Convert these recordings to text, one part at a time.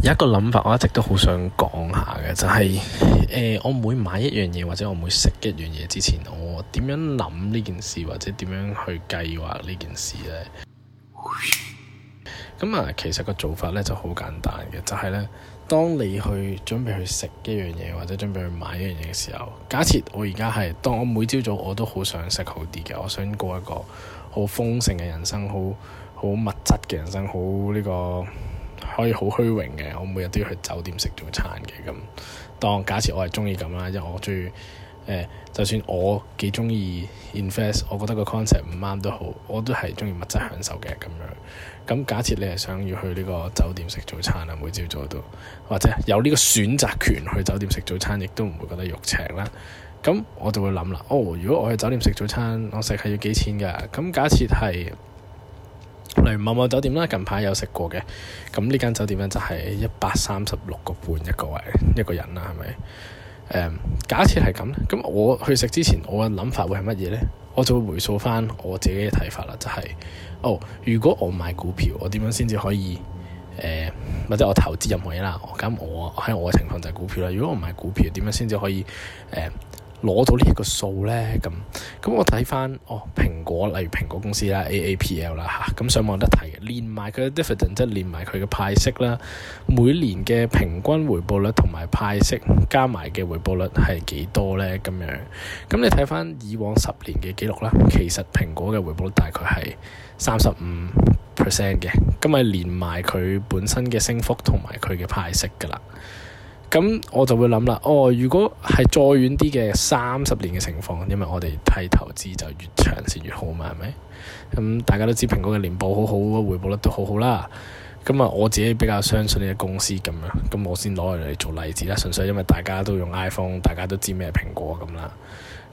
有一個諗法，我一直都好想講下嘅，就係誒，我每買一樣嘢或者我每食一樣嘢之前，我點樣諗呢件事或者點樣去計劃呢件事咧？咁啊，其實個做法咧就好簡單嘅，就係咧，當你去準備去食一樣嘢或者準備去買一樣嘢嘅時候，假設我而家係當我每朝早我都好想食好啲嘅，我想過一個好豐盛嘅人生，好好物質嘅人生，好呢個。可以好虛榮嘅，我每日都要去酒店食早餐嘅咁。當假設我係鍾意咁啦，因為我最誒、呃，就算我幾鍾意 invest，我覺得個 concept 唔啱都好，我都係鍾意物質享受嘅咁樣。咁假設你係想要去呢個酒店食早餐啊，每朝早都，或者有呢個選擇權去酒店食早餐，亦都唔會覺得肉赤啦。咁我就會諗啦，哦，如果我去酒店食早餐，我食係要幾錢㗎？咁假設係。例如某某酒店啦，近排有食過嘅，咁呢間酒店咧，就係一百三十六個半一個位一個人啦，係咪？誒、嗯，假設係咁咧，咁我去食之前，我嘅諗法會係乜嘢咧？我就會回數翻我自己嘅睇法啦，就係、是、哦，如果我買股票，我點樣先至可以誒，或、呃、者我投資任何嘢啦？咁我喺我嘅情況就係股票啦。如果我買股票，點樣先至可以誒？呃攞到呢一個數咧，咁咁我睇翻，哦，蘋果例如蘋果公司啦，AAPL 啦嚇，咁、啊、上網得睇嘅，連埋佢嘅 dividend 即係連埋佢嘅派息啦，每年嘅平均回報率同埋派息加埋嘅回報率係幾多咧？咁樣，咁你睇翻以往十年嘅記錄啦，其實蘋果嘅回報率大概係三十五 percent 嘅，咁係連埋佢本身嘅升幅同埋佢嘅派息噶啦。咁我就會諗啦，哦，如果係再遠啲嘅三十年嘅情況，因為我哋睇投資就越長線越好嘛，係咪？咁大家都知蘋果嘅年報好好，回報率都好好啦。咁啊，我自己比較相信呢隻公司咁樣，咁我先攞嚟做例子啦，純粹因為大家都用 iPhone，大家都知咩蘋果咁啦。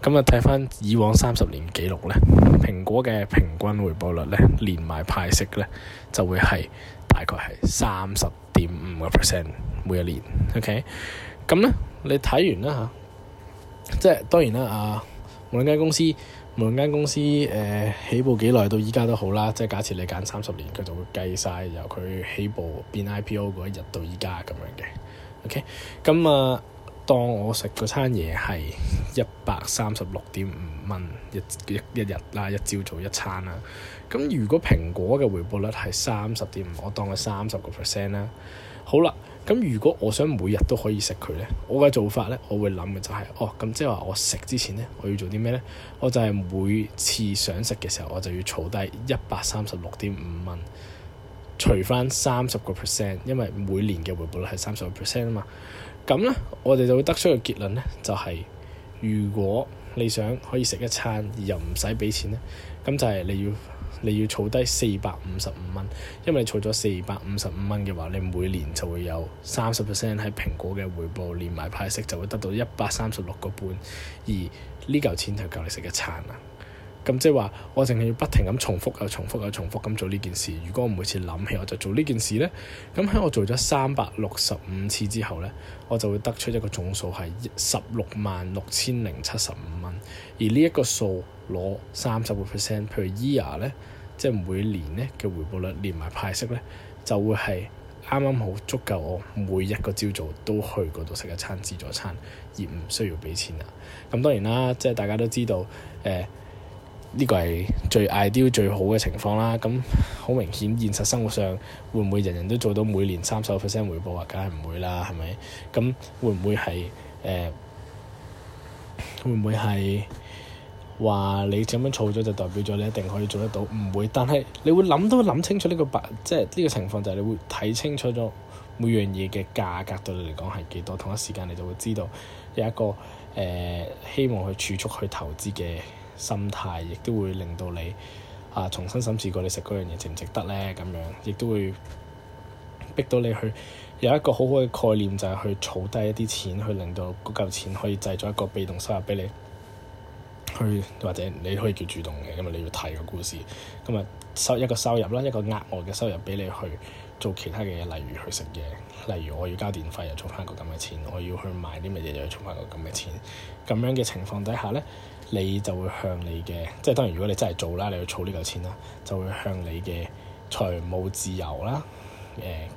咁啊，睇翻以往三十年記錄咧，蘋果嘅平均回報率咧，連埋派息咧，就會係，大概係三十點五個 percent 每一年，OK？咁咧，你睇完啦吓，即係當然啦，啊，無論間公司，無論間公司誒、呃、起步幾耐到依家都好啦，即係假設你揀三十年，佢就會計晒由佢起步變 IPO 嗰一日到依家咁樣嘅，OK？咁啊。呃當我食嗰餐嘢係一百三十六點五蚊一日啦，一朝早做一餐啦。咁如果蘋果嘅回報率係三十點五，我當係三十個 percent 啦。好啦，咁如果我想每日都可以食佢咧，我嘅做法咧，我會諗嘅就係，哦，咁即係話我食之前咧，我要做啲咩咧？我就係每次想食嘅時候，我就要儲低一百三十六點五蚊。除翻三十個 percent，因為每年嘅回報率係三十個 percent 啊嘛。咁咧，我哋就會得出個結論咧，就係如果你想可以食一餐而又唔使畀錢咧，咁就係你要你要儲低四百五十五蚊，因為你儲咗四百五十五蚊嘅話，你每年就會有三十 percent 喺蘋果嘅回報連埋派息，就會得到一百三十六個半，而呢嚿錢就夠你食一餐啦。咁即係話，我淨係要不停咁重複又重複又重複咁做呢件事。如果我每次諗起我就做呢件事呢，咁喺我做咗三百六十五次之後呢，我就會得出一個總數係十六萬六千零七十五蚊。而呢一個數攞三十個 percent per year 呢，即係每年呢嘅回報率，連埋派息呢，就會係啱啱好足夠我每一個朝早都去嗰度食一餐自助餐，而唔需要畀錢啦。咁當然啦，即係大家都知道，誒、呃。呢個係最 ideal 最好嘅情況啦，咁好明顯現實生活上會唔會人人都做到每年三十個 percent 回報啊？梗係唔會啦，係咪？咁會唔會係誒、呃？會唔會係話你咁樣儲咗就代表咗你一定可以做得到？唔會，但係你會諗都諗清楚呢、這個白，即係呢個情況就係你會睇清楚咗每樣嘢嘅價格對你嚟講係幾多，同一時間你就會知道有一個誒、呃、希望去儲蓄去投資嘅。心態亦都會令到你啊重新審視過你食嗰樣嘢值唔值得咧，咁樣亦都會逼到你去有一個好好嘅概念，就係去儲低一啲錢，去令到嗰嚿錢可以製造一個被動收入畀你。去或者你可以叫主動嘅，因為你要睇個故事，咁啊收一個收入啦，一個額外嘅收入畀你去做其他嘅嘢，例如去食嘢，例如我要交電費又儲翻個咁嘅錢，我要去買啲乜嘢又儲翻個咁嘅錢，咁樣嘅情況底下呢，你就會向你嘅，即係當然如果你真係做啦，你要儲呢嚿錢啦，就會向你嘅財務自由啦。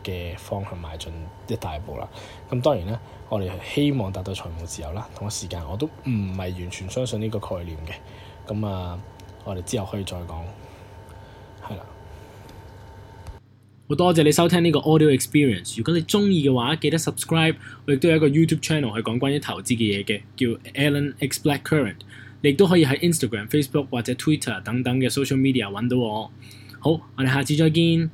嘅方向邁進一大步啦。咁當然啦，我哋希望達到財務自由啦。同一時間，我都唔係完全相信呢個概念嘅。咁啊，我哋之後可以再講，係啦。好多謝你收聽呢個 Audio Experience。如果你鍾意嘅話，記得 Subscribe。我亦都有一個 YouTube Channel 去講關於投資嘅嘢嘅，叫 Alan Explained Current。你亦都可以喺 Instagram、Facebook 或者 Twitter 等等嘅 Social Media 揾到我。好，我哋下次再見。